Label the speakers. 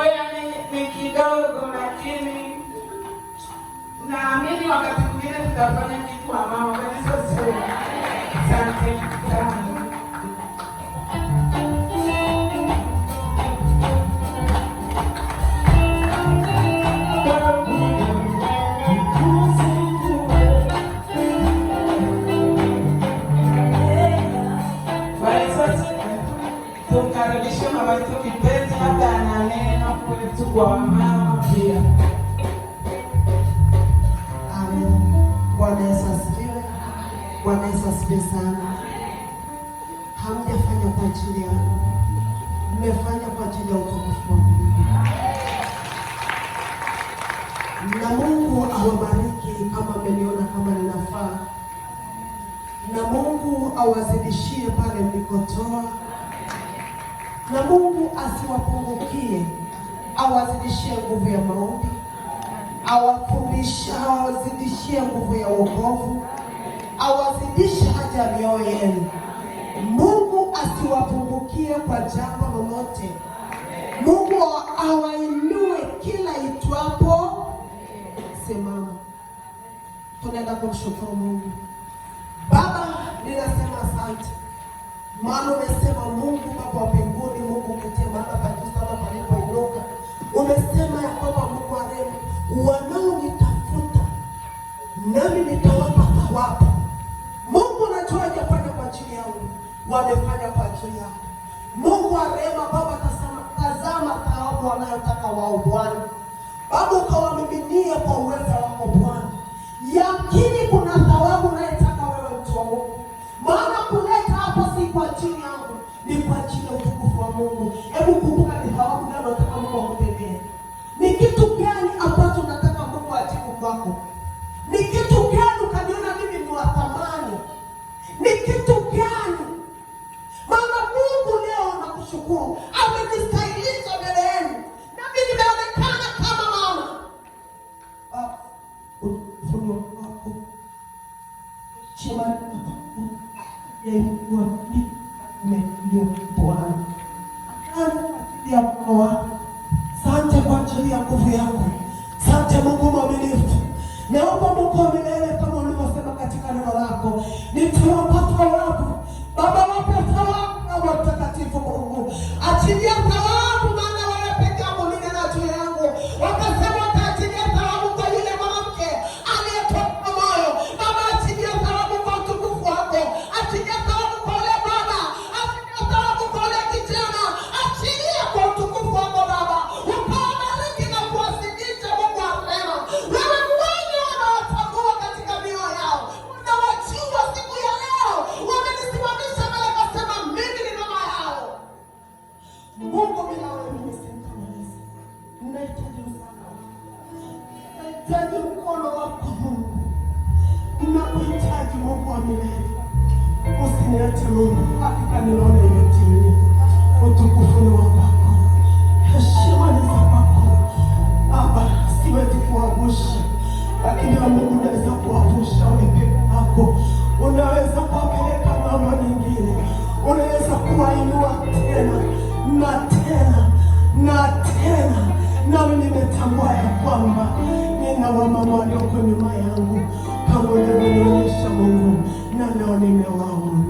Speaker 1: Mboya ni kidogo, lakini naamini wakati mwingine tutafanya kitu amao. Asante sana. asifiwe sana. Hamjafanya kwa ajili yangu, mmefanya kwa ajili ya utukufu wa Mungu. Na Mungu awabariki kama mmeniona kama ninafaa, na Mungu awazidishie pale mlikotoa, na Mungu asiwapungukie, awazidishie nguvu ya maombi, awafundisha, awazidishie nguvu ya wokovu, awazidisha katika mioyo yenu. Mungu asiwapungukie kwa jambo lolote. Mungu awainue kila itwapo. semama tunaenda kumshukuru Mungu. Baba, ninasema asante, maana umesema Mungu Baba wa mbinguni, Mungu uketie mahali pa juu sana palipoinuka. Umesema ya kwamba Mungu wa rehema ajili yangu, wamefanya kwa ajili yangu. Mungu wa rehema, Baba, tazama taabu wanayotaka wao Bwana. Baba, ukawamiminie kwa uweza wako Bwana. Yakini kuna thawabu unayetaka wewe mtu wa Mungu, maana kuleta hapa si kwa ajili yangu, ni kwa ajili ya utukufu wa Mungu. Hebu kumbuka ni thawabu gani unataka Shema, Mungu, Mungu, Mungu, Mungu, familia. Usiniache Mungu, hakika ninaona imetimia. Utukufu ni wa kwako, heshima ni za kwako Baba. Siwezi kuangusha, lakini wewe Mungu unaweza kuangusha ulipepo wako, unaweza kuwapeleka mama nyingine, unaweza kuwainua tena na tena na tena. Nami nimetambua ya kwamba nina wamama walioko nyuma yangu pamoja na not Mungu na naonemewa huruma.